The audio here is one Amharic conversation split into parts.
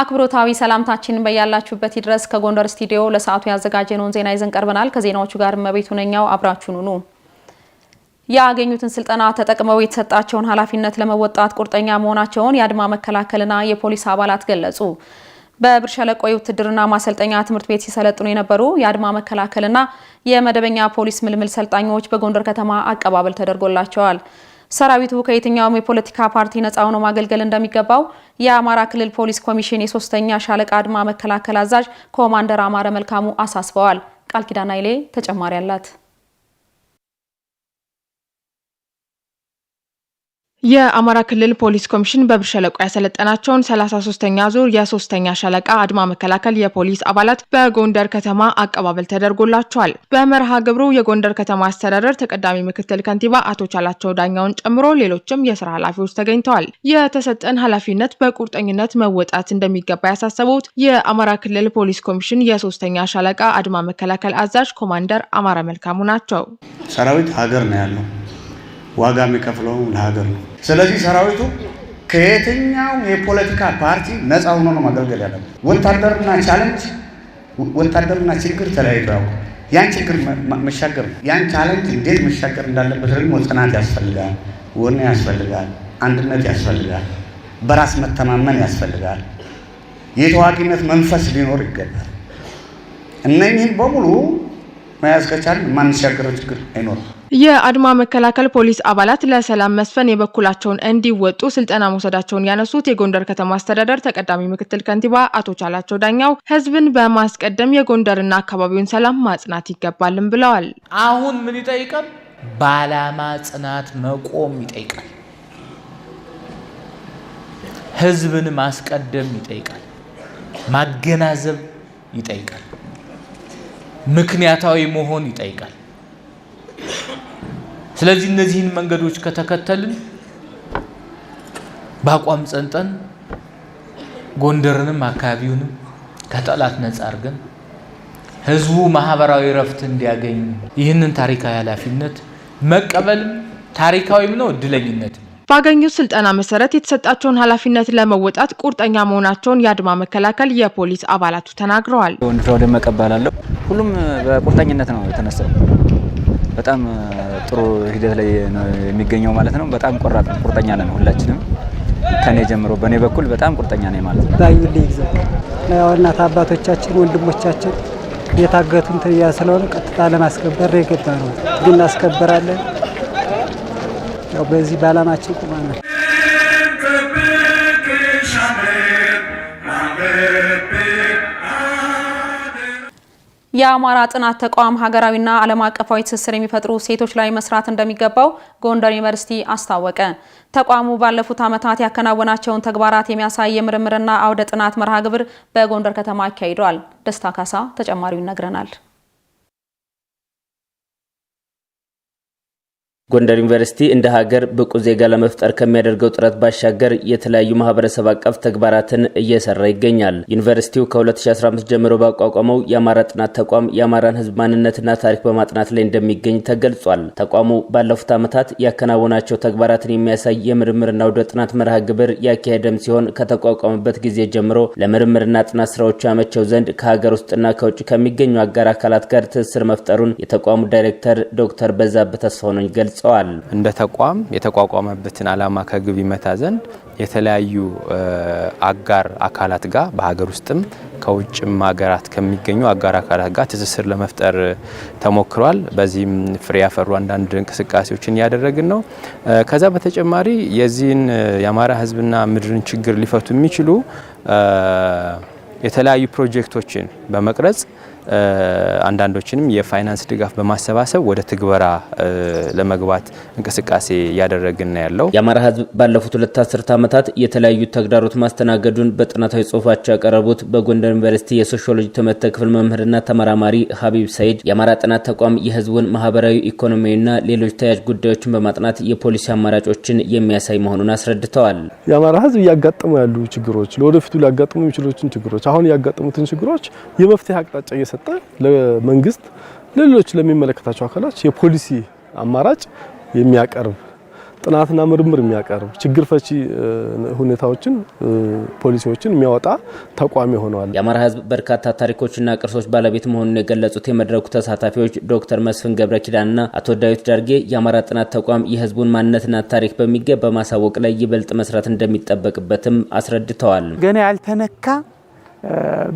አክብሮታዊ ሰላምታችን በያላችሁበት ድረስ ከጎንደር ስቱዲዮ ለሰዓቱ ያዘጋጀነውን ዜና ይዘን ቀርበናል። ከዜናዎቹ ጋር እመቤቱ ነኛው አብራችሁኑ ኑ ያገኙትን ስልጠና ተጠቅመው የተሰጣቸውን ኃላፊነት ለመወጣት ቁርጠኛ መሆናቸውን የአድማ መከላከልና የፖሊስ አባላት ገለጹ። በብር ሸለቆ የውትድርና ማሰልጠኛ ትምህርት ቤት ሲሰለጥኑ የነበሩ የአድማ መከላከልና የመደበኛ ፖሊስ ምልምል ሰልጣኞች በጎንደር ከተማ አቀባበል ተደርጎላቸዋል። ሰራዊቱ ከየትኛውም የፖለቲካ ፓርቲ ነፃ ሆኖ ማገልገል እንደሚገባው የአማራ ክልል ፖሊስ ኮሚሽን የሶስተኛ ሻለቃ አድማ መከላከል አዛዥ ኮማንደር አማረ መልካሙ አሳስበዋል። ቃል ኪዳን አይሌ ተጨማሪ አላት። የአማራ ክልል ፖሊስ ኮሚሽን በብር ሸለቆ ያሰለጠናቸውን 33ኛ ዙር የሶስተኛ ሸለቃ አድማ መከላከል የፖሊስ አባላት በጎንደር ከተማ አቀባበል ተደርጎላቸዋል። በመርሃ ግብሩ የጎንደር ከተማ አስተዳደር ተቀዳሚ ምክትል ከንቲባ አቶ ቻላቸው ዳኛውን ጨምሮ ሌሎችም የስራ ኃላፊዎች ተገኝተዋል። የተሰጠን ኃላፊነት በቁርጠኝነት መወጣት እንደሚገባ ያሳሰቡት የአማራ ክልል ፖሊስ ኮሚሽን የሶስተኛ ሸለቃ አድማ መከላከል አዛዥ ኮማንደር አማረ መልካሙ ናቸው። ሰራዊት ሀገር ነው ያለው ዋጋ የሚከፍለው ለሀገር ነው። ስለዚህ ሰራዊቱ ከየትኛውም የፖለቲካ ፓርቲ ነፃ ሆኖ ነው ማገልገል ያለበት። ወታደርና ቻለንጅ ወታደርና ችግር ተለያይቶ ያውቁ ያን ችግር መሻገር ነው። ያን ቻለንጅ እንዴት መሻገር እንዳለበት ደግሞ ጽናት ያስፈልጋል፣ ወኔ ያስፈልጋል፣ አንድነት ያስፈልጋል፣ በራስ መተማመን ያስፈልጋል፣ የተዋጊነት መንፈስ ሊኖር ይገባል። እነኝህን በሙሉ መያዝ ከቻልን ማንሻገረው ችግር አይኖርም። የአድማ መከላከል ፖሊስ አባላት ለሰላም መስፈን የበኩላቸውን እንዲወጡ ስልጠና መውሰዳቸውን ያነሱት የጎንደር ከተማ አስተዳደር ተቀዳሚ ምክትል ከንቲባ አቶ ቻላቸው ዳኛው ህዝብን በማስቀደም የጎንደርና አካባቢውን ሰላም ማጽናት ይገባልም ብለዋል። አሁን ምን ይጠይቃል? በዓላማ ጽናት መቆም ይጠይቃል። ህዝብን ማስቀደም ይጠይቃል። ማገናዘብ ይጠይቃል። ምክንያታዊ መሆን ይጠይቃል። ስለዚህ እነዚህን መንገዶች ከተከተልን በአቋም ጸንጠን ጎንደርንም አካባቢውንም ከጠላት ነጻ አድርገን ህዝቡ ማህበራዊ እረፍት እንዲያገኝ ይህንን ታሪካዊ ኃላፊነት መቀበልም ታሪካዊም ነው፣ እድለኝነት ባገኙት ስልጠና መሰረት የተሰጣቸውን ኃላፊነት ለመወጣት ቁርጠኛ መሆናቸውን የአድማ መከላከል የፖሊስ አባላቱ ተናግረዋል። ወንድፍራው ደመቀ ሁሉም በቁርጠኝነት ነው የተነሳው። በጣም ጥሩ ሂደት ላይ ነው የሚገኘው ማለት ነው። በጣም ቆራጥ ቁርጠኛ ነን ሁላችንም፣ ከኔ ጀምሮ በእኔ በኩል በጣም ቁርጠኛ ነኝ ማለት ነው። ባዩልኝ ጊዜ እናት አባቶቻችን ወንድሞቻችን የታገቱን ትያ ስለሆነ ቀጥታ ለማስከበር የገባ ነው። ግን እናስከበራለን። ያው በዚህ በዓላማችን ቁማናል። የአማራ ጥናት ተቋም ሀገራዊና ዓለም አቀፋዊ ትስስር የሚፈጥሩ ሴቶች ላይ መስራት እንደሚገባው ጎንደር ዩኒቨርሲቲ አስታወቀ። ተቋሙ ባለፉት ዓመታት ያከናወናቸውን ተግባራት የሚያሳይ የምርምርና አውደ ጥናት መርሃ ግብር በጎንደር ከተማ አካሂዷል። ደስታ ካሳ ተጨማሪው ይነግረናል። ጎንደር ዩኒቨርሲቲ እንደ ሀገር ብቁ ዜጋ ለመፍጠር ከሚያደርገው ጥረት ባሻገር የተለያዩ ማህበረሰብ አቀፍ ተግባራትን እየሰራ ይገኛል። ዩኒቨርሲቲው ከ2015 ጀምሮ ባቋቋመው የአማራ ጥናት ተቋም የአማራን ሕዝብ ማንነትና ታሪክ በማጥናት ላይ እንደሚገኝ ተገልጿል። ተቋሙ ባለፉት ዓመታት ያከናወናቸው ተግባራትን የሚያሳይ የምርምርና ወደ ጥናት መርሃ ግብር ያካሄደም ሲሆን ከተቋቋመበት ጊዜ ጀምሮ ለምርምርና ጥናት ስራዎቹ ያመቸው ዘንድ ከሀገር ውስጥና ከውጭ ከሚገኙ አጋር አካላት ጋር ትስስር መፍጠሩን የተቋሙ ዳይሬክተር ዶክተር በዛብህ ተስፋነኝ ገልጸዋል። ገልጸዋል። እንደ ተቋም የተቋቋመበትን ዓላማ ከግብ ይመታ ዘንድ የተለያዩ አጋር አካላት ጋር በሀገር ውስጥም ከውጭም ሀገራት ከሚገኙ አጋር አካላት ጋር ትስስር ለመፍጠር ተሞክሯል። በዚህም ፍሬ ያፈሩ አንዳንድ እንቅስቃሴዎችን እያደረግን ነው። ከዛ በተጨማሪ የዚህን የአማራ ሕዝብና ምድርን ችግር ሊፈቱ የሚችሉ የተለያዩ ፕሮጀክቶችን በመቅረጽ አንዳንዶችንም የፋይናንስ ድጋፍ በማሰባሰብ ወደ ትግበራ ለመግባት እንቅስቃሴ እያደረግን ያለው የአማራ ሕዝብ ባለፉት ሁለት አስርት ዓመታት የተለያዩ ተግዳሮት ማስተናገዱን በጥናታዊ ጽሁፋቸው ያቀረቡት በጎንደር ዩኒቨርሲቲ የሶሽሎጂ ትምህርት ክፍል መምህርና ተመራማሪ ሀቢብ ሰይድ የአማራ ጥናት ተቋም የሕዝቡን ማህበራዊ፣ ኢኮኖሚያዊና ሌሎች ተያያዥ ጉዳዮችን በማጥናት የፖሊሲ አማራጮችን የሚያሳይ መሆኑን አስረድተዋል። የአማራ ሕዝብ እያጋጠሙ ያሉ ችግሮች፣ ለወደፊቱ ሊያጋጥሙ የሚችሉትን ችግሮች፣ አሁን ያጋጠሙትን ችግሮች የመፍትሄ አቅጣጫ እየሰጠ ለመንግስት፣ ለሌሎች ለሚመለከታቸው አካላት የፖሊሲ አማራጭ የሚያቀርብ ጥናትና ምርምር የሚያቀርብ ችግር ፈቺ ሁኔታዎችን ፖሊሲዎችን የሚያወጣ ተቋም ሆነዋል። የአማራ ሕዝብ በርካታ ታሪኮችና ቅርሶች ባለቤት መሆኑን የገለጹት የመድረኩ ተሳታፊዎች ዶክተር መስፍን ገብረ ኪዳንና አቶ ዳዊት ዳርጌ የአማራ ጥናት ተቋም የሕዝቡን ማንነትና ታሪክ በሚገባ በማሳወቅ ላይ ይበልጥ መስራት እንደሚጠበቅበትም አስረድተዋል። ገና ያልተነካ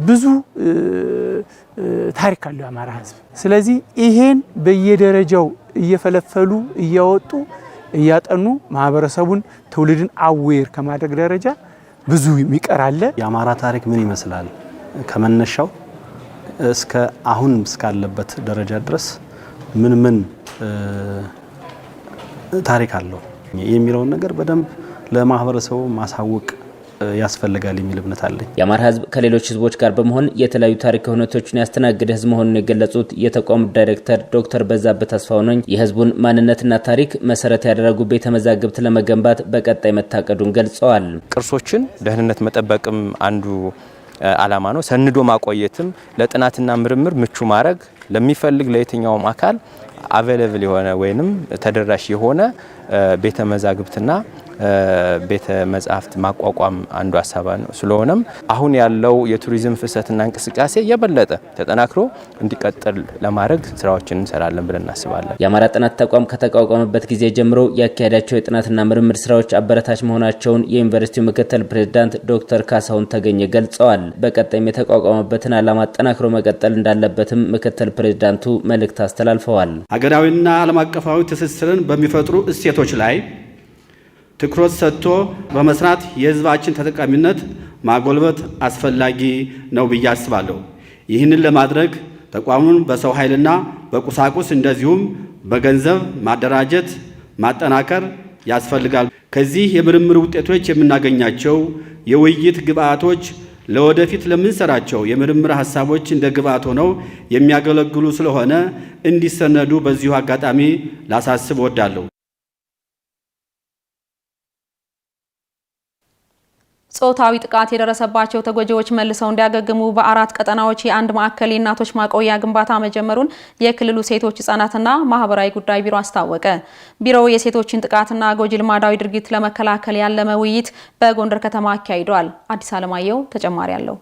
ብዙ ታሪክ አለው የአማራ ህዝብ ስለዚህ ይሄን በየደረጃው እየፈለፈሉ እያወጡ እያጠኑ ማህበረሰቡን ትውልድን አዌር ከማድረግ ደረጃ ብዙ የሚቀር አለ። የአማራ ታሪክ ምን ይመስላል ከመነሻው እስከ አሁን እስካለበት ደረጃ ድረስ ምን ምን ታሪክ አለው የሚለውን ነገር በደንብ ለማህበረሰቡ ማሳወቅ ያስፈልጋል የሚል እምነት አለኝ። የአማራ ህዝብ ከሌሎች ህዝቦች ጋር በመሆን የተለያዩ ታሪክ ሁነቶችን ያስተናገደ ህዝብ መሆኑን የገለጹት የተቋሙ ዳይሬክተር ዶክተር በዛብህ አስፋው ነኝ የህዝቡን ማንነትና ታሪክ መሰረት ያደረጉ ቤተ መዛግብት ለመገንባት በቀጣይ መታቀዱን ገልጸዋል። ቅርሶችን ደህንነት መጠበቅም አንዱ አላማ ነው። ሰንዶ ማቆየትም ለጥናትና ምርምር ምቹ ማድረግ ለሚፈልግ ለየትኛውም አካል አቬለብል የሆነ ወይንም ተደራሽ የሆነ ቤተ መዛግብትና ቤተ መጻሕፍት ማቋቋም አንዱ ሀሳብ ነው። ስለሆነም አሁን ያለው የቱሪዝም ፍሰትና እንቅስቃሴ የበለጠ ተጠናክሮ እንዲቀጥል ለማድረግ ስራዎችን እንሰራለን ብለን እናስባለን። የአማራ ጥናት ተቋም ከተቋቋመበት ጊዜ ጀምሮ ያካሄዳቸው የጥናትና ምርምር ስራዎች አበረታች መሆናቸውን የዩኒቨርሲቲው ምክትል ፕሬዚዳንት ዶክተር ካሳሁን ተገኘ ገልጸዋል። በቀጣይም የተቋቋመበትን ዓላማ አጠናክሮ መቀጠል እንዳለበትም ምክትል ፕሬዚዳንቱ መልእክት አስተላልፈዋል። ሀገራዊና ዓለም አቀፋዊ ትስስርን በሚፈጥሩ እሴቶች ላይ ትኩረት ሰጥቶ በመስራት የህዝባችን ተጠቃሚነት ማጎልበት አስፈላጊ ነው ብዬ አስባለሁ። ይህንን ለማድረግ ተቋሙን በሰው ኃይልና በቁሳቁስ እንደዚሁም በገንዘብ ማደራጀት፣ ማጠናከር ያስፈልጋል። ከዚህ የምርምር ውጤቶች የምናገኛቸው የውይይት ግብአቶች ለወደፊት ለምንሰራቸው የምርምር ሀሳቦች እንደ ግብአት ሆነው የሚያገለግሉ ስለሆነ እንዲሰነዱ በዚሁ አጋጣሚ ላሳስብ እወዳለሁ። ጾታዊ ጥቃት የደረሰባቸው ተጎጂዎች መልሰው እንዲያገግሙ በአራት ቀጠናዎች የአንድ ማዕከል የእናቶች ማቆያ ግንባታ መጀመሩን የክልሉ ሴቶች ህጻናትና ማህበራዊ ጉዳይ ቢሮ አስታወቀ። ቢሮው የሴቶችን ጥቃትና ጎጂ ልማዳዊ ድርጊት ለመከላከል ያለመ ውይይት በጎንደር ከተማ አካሂዷል። አዲስ አለማየሁ ተጨማሪ አለው።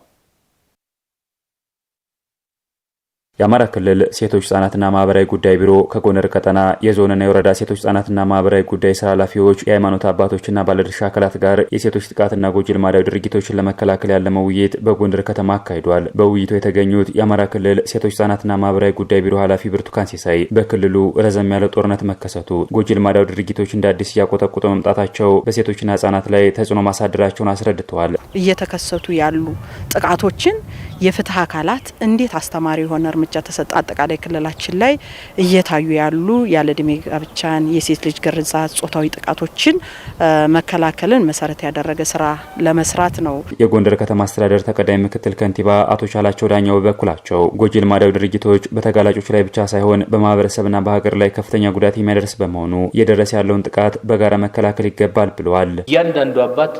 የአማራ ክልል ሴቶች ህጻናትና ማህበራዊ ጉዳይ ቢሮ ከጎንደር ቀጠና የዞንና የወረዳ ሴቶች ህጻናትና ማህበራዊ ጉዳይ ስራ ኃላፊዎች፣ የሃይማኖት አባቶችና ባለድርሻ አካላት ጋር የሴቶች ጥቃትና ጎጂ ልማዳዊ ድርጊቶችን ለመከላከል ያለመ ውይይት በጎንደር ከተማ አካሂዷል። በውይይቱ የተገኙት የአማራ ክልል ሴቶች ህጻናትና ማህበራዊ ጉዳይ ቢሮ ኃላፊ ብርቱካን ሲሳይ በክልሉ ረዘም ያለ ጦርነት መከሰቱ ጎጂ ልማዳዊ ድርጊቶች እንደ አዲስ እያቆጠቁጠ መምጣታቸው በሴቶችና ህጻናት ላይ ተጽዕኖ ማሳደራቸውን አስረድተዋል። እየተከሰቱ ያሉ ጥቃቶችን የፍትህ አካላት እንዴት አስተማሪ የሆነ እርምጃ ተሰጠ። አጠቃላይ ክልላችን ላይ እየታዩ ያሉ ያለ እድሜ ጋብቻን፣ የሴት ልጅ ግርዛት፣ ጾታዊ ጥቃቶችን መከላከልን መሰረት ያደረገ ስራ ለመስራት ነው። የጎንደር ከተማ አስተዳደር ተቀዳሚ ምክትል ከንቲባ አቶ ቻላቸው ዳኛው በበኩላቸው ጎጂ ልማዳዊ ድርጊቶች በተጋላጮች ላይ ብቻ ሳይሆን በማህበረሰብና በሀገር ላይ ከፍተኛ ጉዳት የሚያደርስ በመሆኑ የደረሰ ያለውን ጥቃት በጋራ መከላከል ይገባል ብለዋል። እያንዳንዱ አባት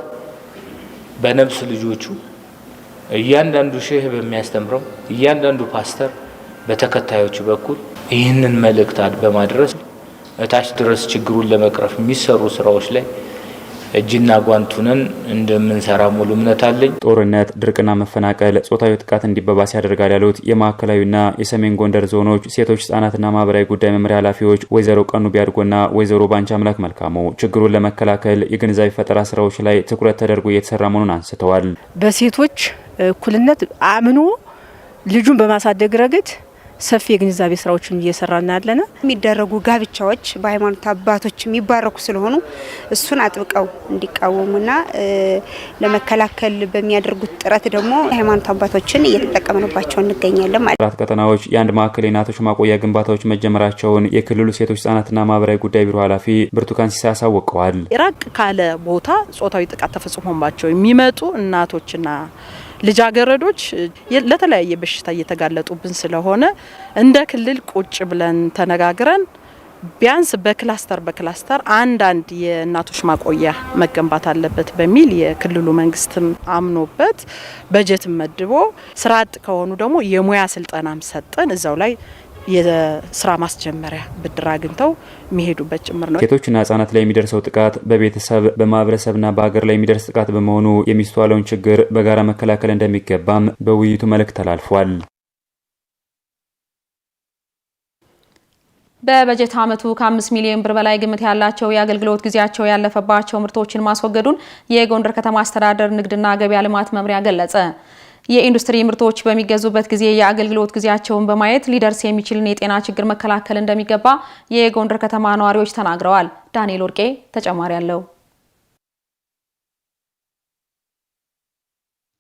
በነብስ ልጆቹ እያንዳንዱ ሼህ በሚያስተምረው እያንዳንዱ ፓስተር በተከታዮቹ በኩል ይህንን መልእክታት በማድረስ እታች ድረስ ችግሩን ለመቅረፍ የሚሰሩ ስራዎች ላይ እጅና ጓንቱንን እንደምንሰራ ሙሉ እምነት አለኝ። ጦርነት፣ ድርቅና መፈናቀል ጾታዊ ጥቃት እንዲባባስ ያደርጋል ያሉት የማዕከላዊና የሰሜን ጎንደር ዞኖች ሴቶች ህጻናትና ማህበራዊ ጉዳይ መምሪያ ኃላፊዎች ወይዘሮ ቀኑ ቢያድጎና ወይዘሮ ባንቻ አምላክ መልካሙ ችግሩን ለመከላከል የግንዛቤ ፈጠራ ስራዎች ላይ ትኩረት ተደርጎ እየተሰራ መሆኑን አንስተዋል። በሴቶች እኩልነት አምኖ ልጁን በማሳደግ ረገድ ሰፊ የግንዛቤ ስራዎችን እየሰራና ያለነ የሚደረጉ ጋብቻዎች በሃይማኖት አባቶች የሚባረኩ ስለሆኑ እሱን አጥብቀው እንዲቃወሙና ለመከላከል በሚያደርጉት ጥረት ደግሞ ሃይማኖት አባቶችን እየተጠቀምንባቸው እንገኛለን። ማለት አራት ቀጠናዎች የአንድ ማዕከል የእናቶች ማቆያ ግንባታዎች መጀመራቸውን የክልሉ ሴቶች ህጻናትና ማህበራዊ ጉዳይ ቢሮ ኃላፊ ብርቱካን ሲሳ ያሳወቀዋል። ራቅ ካለ ቦታ ጾታዊ ጥቃት ተፈጽሞባቸው የሚመጡ እናቶችና ልጃገረዶች ለተለያየ በሽታ እየተጋለጡብን ስለሆነ እንደ ክልል ቁጭ ብለን ተነጋግረን ቢያንስ በክላስተር በክላስተር አንዳንድ የእናቶች ማቆያ መገንባት አለበት በሚል የክልሉ መንግስትም አምኖበት በጀት መድቦ ስራ አጥ ከሆኑ ደግሞ የሙያ ስልጠናም ሰጠን እዛው ላይ የስራ ማስጀመሪያ ብድር አግኝተው የሚሄዱበት ጭምር ነው። ሴቶችና ህጻናት ላይ የሚደርሰው ጥቃት በቤተሰብ በማህበረሰብና በሀገር ላይ የሚደርስ ጥቃት በመሆኑ የሚስተዋለውን ችግር በጋራ መከላከል እንደሚገባም በውይይቱ መልእክት ተላልፏል። በበጀት ዓመቱ ከአምስት ሚሊዮን ብር በላይ ግምት ያላቸው የአገልግሎት ጊዜያቸው ያለፈባቸው ምርቶችን ማስወገዱን የጎንደር ከተማ አስተዳደር ንግድና ገበያ ልማት መምሪያ ገለጸ። የኢንዱስትሪ ምርቶች በሚገዙበት ጊዜ የአገልግሎት ጊዜያቸውን በማየት ሊደርስ የሚችልን የጤና ችግር መከላከል እንደሚገባ የጎንደር ከተማ ነዋሪዎች ተናግረዋል። ዳንኤል ወርቄ ተጨማሪ አለው።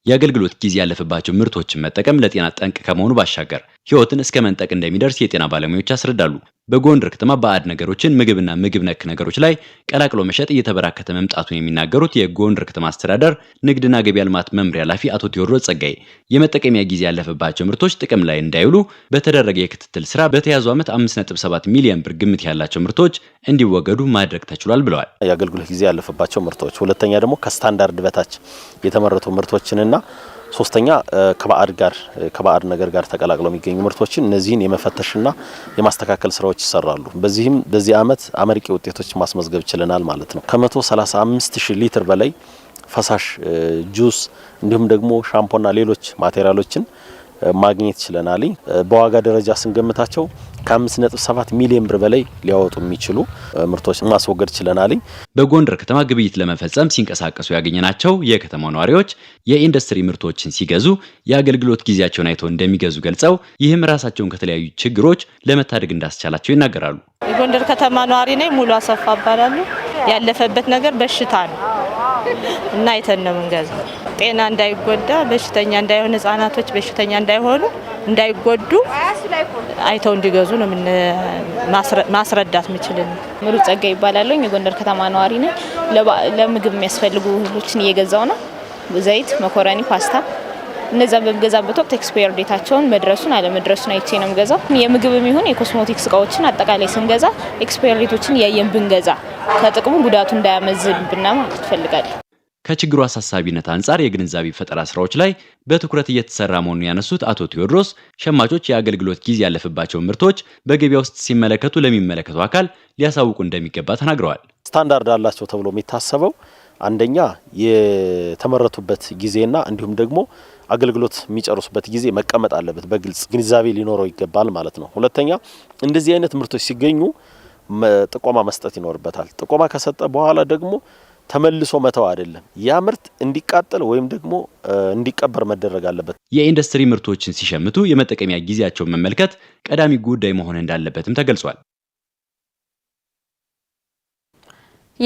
የአገልግሎት ጊዜ ያለፈባቸው ምርቶችን መጠቀም ለጤና ጠንቅ ከመሆኑ ባሻገር ህይወትን እስከ መንጠቅ እንደሚደርስ የጤና ባለሙያዎች ያስረዳሉ። በጎንደር ከተማ ባዕድ ነገሮችን ምግብና ምግብ ነክ ነገሮች ላይ ቀላቅሎ መሸጥ እየተበራከተ መምጣቱን የሚናገሩት የጎንደር ከተማ አስተዳደር ንግድና ገበያ ልማት መምሪያ ኃላፊ አቶ ቴዎድሮስ ጸጋይ የመጠቀሚያ ጊዜ ያለፈባቸው ምርቶች ጥቅም ላይ እንዳይውሉ በተደረገ የክትትል ስራ በተያዙ ዓመት 5.7 ሚሊዮን ብር ግምት ያላቸው ምርቶች እንዲወገዱ ማድረግ ተችሏል ብለዋል። የአገልግሎት ጊዜ ያለፈባቸው ምርቶች፣ ሁለተኛ ደግሞ ከስታንዳርድ በታች የተመረቱ ምርቶችንና ሶስተኛ ከባዕድ ጋር ከባዕድ ነገር ጋር ተቀላቅለው የሚገኙ ምርቶችን እነዚህን የመፈተሽና የማስተካከል ስራዎች ይሰራሉ። በዚህም በዚህ አመት አመርቂ ውጤቶች ማስመዝገብ ችለናል ማለት ነው። ከ135 ሺህ ሊትር በላይ ፈሳሽ ጁስ እንዲሁም ደግሞ ሻምፖና ሌሎች ማቴሪያሎችን ማግኘት ችለናል። በዋጋ ደረጃ ስንገምታቸው ከ5.7 ሚሊዮን ብር በላይ ሊያወጡ የሚችሉ ምርቶች ማስወገድ ችለናል። በጎንደር ከተማ ግብይት ለመፈጸም ሲንቀሳቀሱ ያገኘናቸው የከተማው ነዋሪዎች የኢንዱስትሪ ምርቶችን ሲገዙ የአገልግሎት ጊዜያቸውን አይተው እንደሚገዙ ገልጸው ይህም ራሳቸውን ከተለያዩ ችግሮች ለመታደግ እንዳስቻላቸው ይናገራሉ። የጎንደር ከተማ ነዋሪ ነኝ። ሙሉ አሰፋ እባላለሁ። ያለፈበት ነገር በሽታ ነው። እና አይተን ነው የምንገዛው። ጤና እንዳይጎዳ በሽተኛ እንዳይሆን ህጻናቶች በሽተኛ እንዳይሆኑ እንዳይጎዱ አይተው እንዲገዙ ነው ማስረዳት ምችልን። ምሩ ጸጋ ይባላለሁ። የጎንደር ከተማ ነዋሪ ነኝ። ለምግብ የሚያስፈልጉ እህሎችን እየገዛው ነው። ዘይት፣ መኮረኒ፣ ፓስታ እነዛ በምገዛበት ወቅት ኤክስፓየር ዴታቸውን መድረሱን አለመድረሱን አይቼ ነው የምገዛው። የምግብ የሚሆን የኮስሞቲክስ እቃዎችን አጠቃላይ ስንገዛ ኤክስፓየር ዴቶችን እያየን ብንገዛ ከጥቅሙ ጉዳቱ እንዳያመዝንብና ማለት እፈልጋለሁ። ከችግሩ አሳሳቢነት አንጻር የግንዛቤ ፈጠራ ስራዎች ላይ በትኩረት እየተሰራ መሆኑን ያነሱት አቶ ቴዎድሮስ ሸማቾች የአገልግሎት ጊዜ ያለፈባቸውን ምርቶች በገበያ ውስጥ ሲመለከቱ ለሚመለከቱ አካል ሊያሳውቁ እንደሚገባ ተናግረዋል። ስታንዳርድ አላቸው ተብሎ የሚታሰበው አንደኛ የተመረቱበት ጊዜና እንዲሁም ደግሞ አገልግሎት የሚጨርሱበት ጊዜ መቀመጥ አለበት። በግልጽ ግንዛቤ ሊኖረው ይገባል ማለት ነው። ሁለተኛ እንደዚህ አይነት ምርቶች ሲገኙ ጥቆማ መስጠት ይኖርበታል። ጥቆማ ከሰጠ በኋላ ደግሞ ተመልሶ መተው አይደለም። ያ ምርት እንዲቃጠል ወይም ደግሞ እንዲቀበር መደረግ አለበት። የኢንዱስትሪ ምርቶችን ሲሸምቱ የመጠቀሚያ ጊዜያቸውን መመልከት ቀዳሚ ጉዳይ መሆን እንዳለበትም ተገልጿል።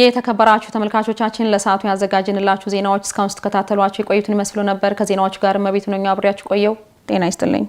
የተከበራችሁ ተመልካቾቻችን ለሰዓቱ ያዘጋጀንላችሁ ዜናዎች እስካሁን ስትከታተሏቸው የቆዩትን ይመስሉ ነበር። ከዜናዎቹ ጋር መቤቱ ነኛ አብሬያችሁ ቆየው። ጤና ይስጥልኝ።